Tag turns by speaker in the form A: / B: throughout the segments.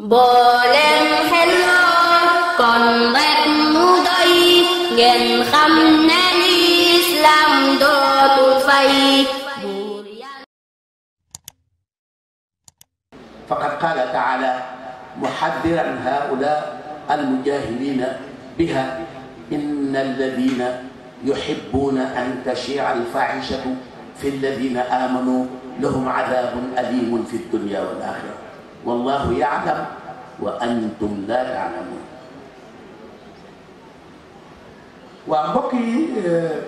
A: mboolem xel kon rek mu doy ngeen xam ne lislaam dootul fay buur yàlla faqad qaala taala muxaddiran haula almujahidina biha inna alladina yuxibuuna an tashia alfaxishatu fi alladina aamanu lahum cadaabun alimun fi dunya wal axira wallahu ya'lam wa la ta'lamun waa mbokk yi eh,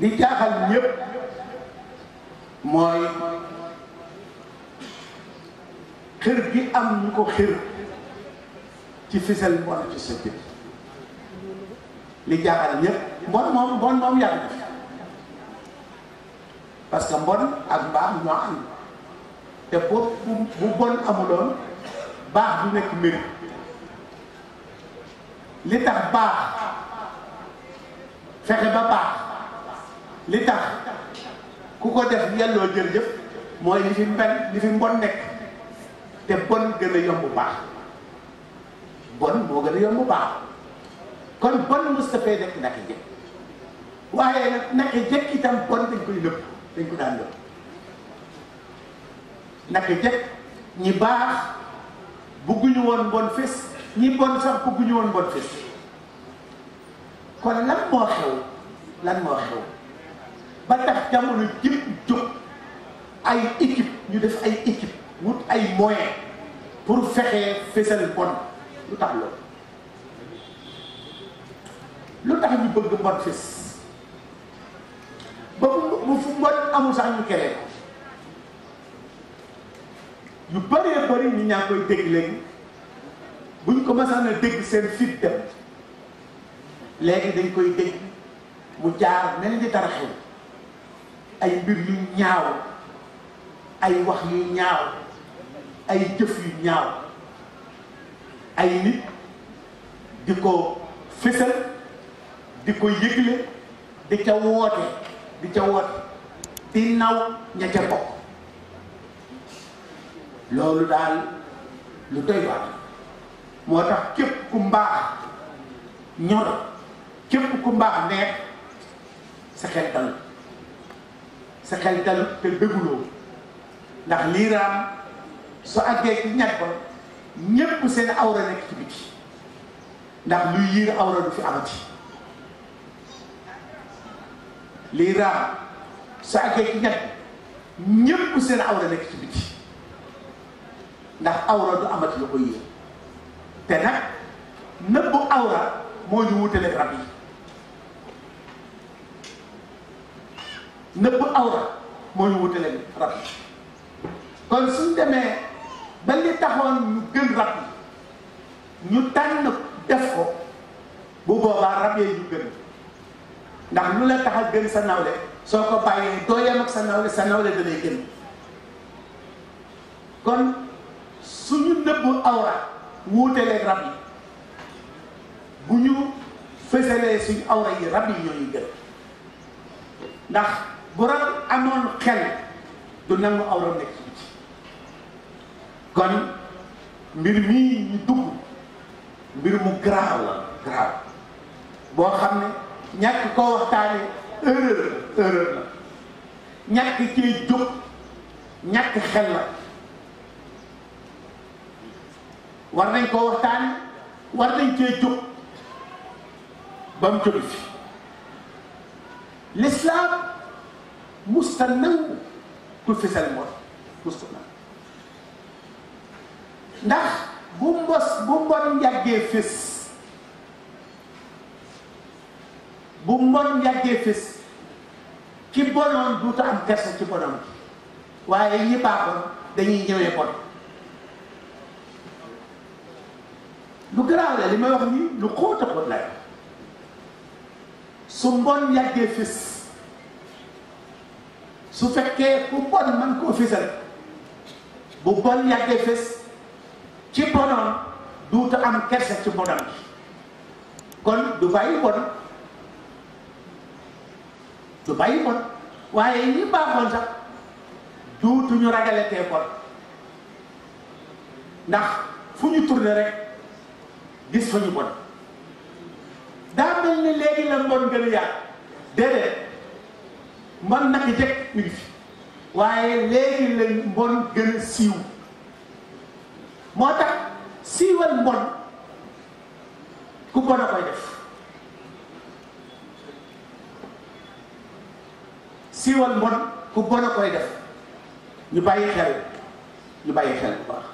A: li jaxal ñëpp mooy xër gi am ñu ko xër ci fisal mbon ci sa biir li jaaxal ñëpp mbon moom mbon moom yàlla parce que mbon ak mbaax ñoo ànd te boobu bu bon amuloon baax bu nekk mérite li tax baax fexe ba baax li tax ku ko def yelloo jërëjëf mooy li fi mben li fi mbon nekk te bon gën a yomb baax bon moo gën a yomb baax kon bon mës ta fee nekk naka jëkk waaye nag naka jëkk itam bon dañ koy nëpp dañ ko daan nëpp naka jëkk ñi baax bugguñu woon bon fés ñi bon sax bugguñu woon bon fés kon lan moo xew lan moo xew ba tax jamono jëpp jóg ay équipe ñu def ay équipe wut ay moyen pour fexee fésal bon lu tax loolu lu tax ñu bëgg mbon fés ba mu fu mbon amul sax ñu keree yu bëree bëri ñu ñaa koy dégg léegi buñ ko masaan a dégg seen fit dem léegi dañ koy dégg mu jaar mel ni dara xew ay mbir yu ñaaw ay wax yu ñaaw ay jëf yu ñaaw ay nit di ko fësal di ko yëgle di ca woote di ca woote di naw ña ca bokk loolu daal lu doy waar moo tax képp ku mbaax ñor képp ku mbaax neex sa xel dal sa xel dal te bëgguloo ndax lii raam su àggee ci ñag ba ñépp seen awra nekk ci biti ndax luy yiir awra du fi amati lii raam su àggee ci ñag ñépp seen awra nekk ci biti ndax awra du amat lu ko te nag nëbbu awra moo ñu wutale rab yi nëbbu awra moo ñu wutale rab yi kon suñ demee ba li taxoon ñu gën rab yi ñu tànn def ko bu boobaa rab yee ñu gën ndax lu la tax a gën sa nawle soo ko bàyyee doo ak sa nawle sa nawle da gën kon suñu nëbb awra wuutelee rab yi bu ñu fësalee suñu awra yi rab yi ñooñu gën ndax bu rab amoon xel du nangu awra nekk ci kon mbir mii ñu dugg mbir mu garaaw la garaaw boo xam ne ñàkk koo waxtaane erreur erreur la ñàkk cee jóg ñàkk xel la war nañ koo waxtaan war nañ cee jóg ba mu jóge fi lislaam musta nangu ku fisal mbon musta nangu ndax bu mbos bu mbon yàggee fis bu mbon yàggee fis ki bonoon duuta am kersa ci bonoon waaye ñi baaxoon dañuy ñëwee bon lu garaaw la li may wax nii lu xóot a xóot lay wax su mbon yàggee fis su fekkee ku bon man koo fisal bu bon yàggee fis ci bonoon duuta am kersa ci bonoon bi kon du bàyyi bon du bàyyi bon waaye ñi baaxoon sax duutuñu ragaletee bon ndax fu ñu tourné rek gis fa ñu bon daa mel ni léegi la mbon gën a yàgg déedéet man naka jëkk mi fi waaye léegi la mbon gën a siiw moo tax siiwal mbon ku bon a koy def siiwal mbon ku bon a koy def ñu bàyyi xel ñu bàyyi xel bu baax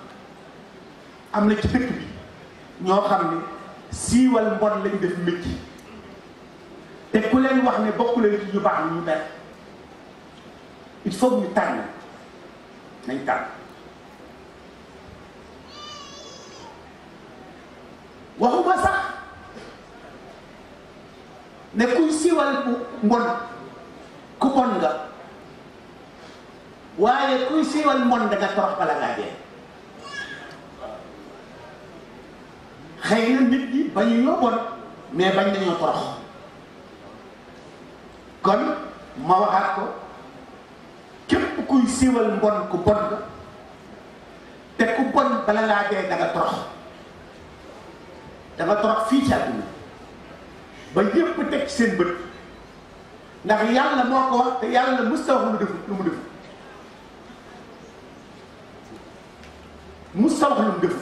A: am na ci dëkk bi ñoo xam ne siiwal mbon lañ def métti te ku leen wax ne bokk leen ci ñu baax ñu mel il faut ñu tànn nañ tànn waxuma sax ne kuy siiwal mbon ku bon nga waaye kuy siiwal mbon danga torox bala ngaa dee xëy na nit ñi bañu ñoo bon mais bañ nañoo torox kon ma waxaat ko képp kuy siiwal mbon ku bon nga te ku bon bala ngaa dee da torox da torox fii ci àdduna ba ñëpp teg ci seen bët ndax yàlla moo ko te yàlla mës wax lu mu def lu def mës ta wax lu mu def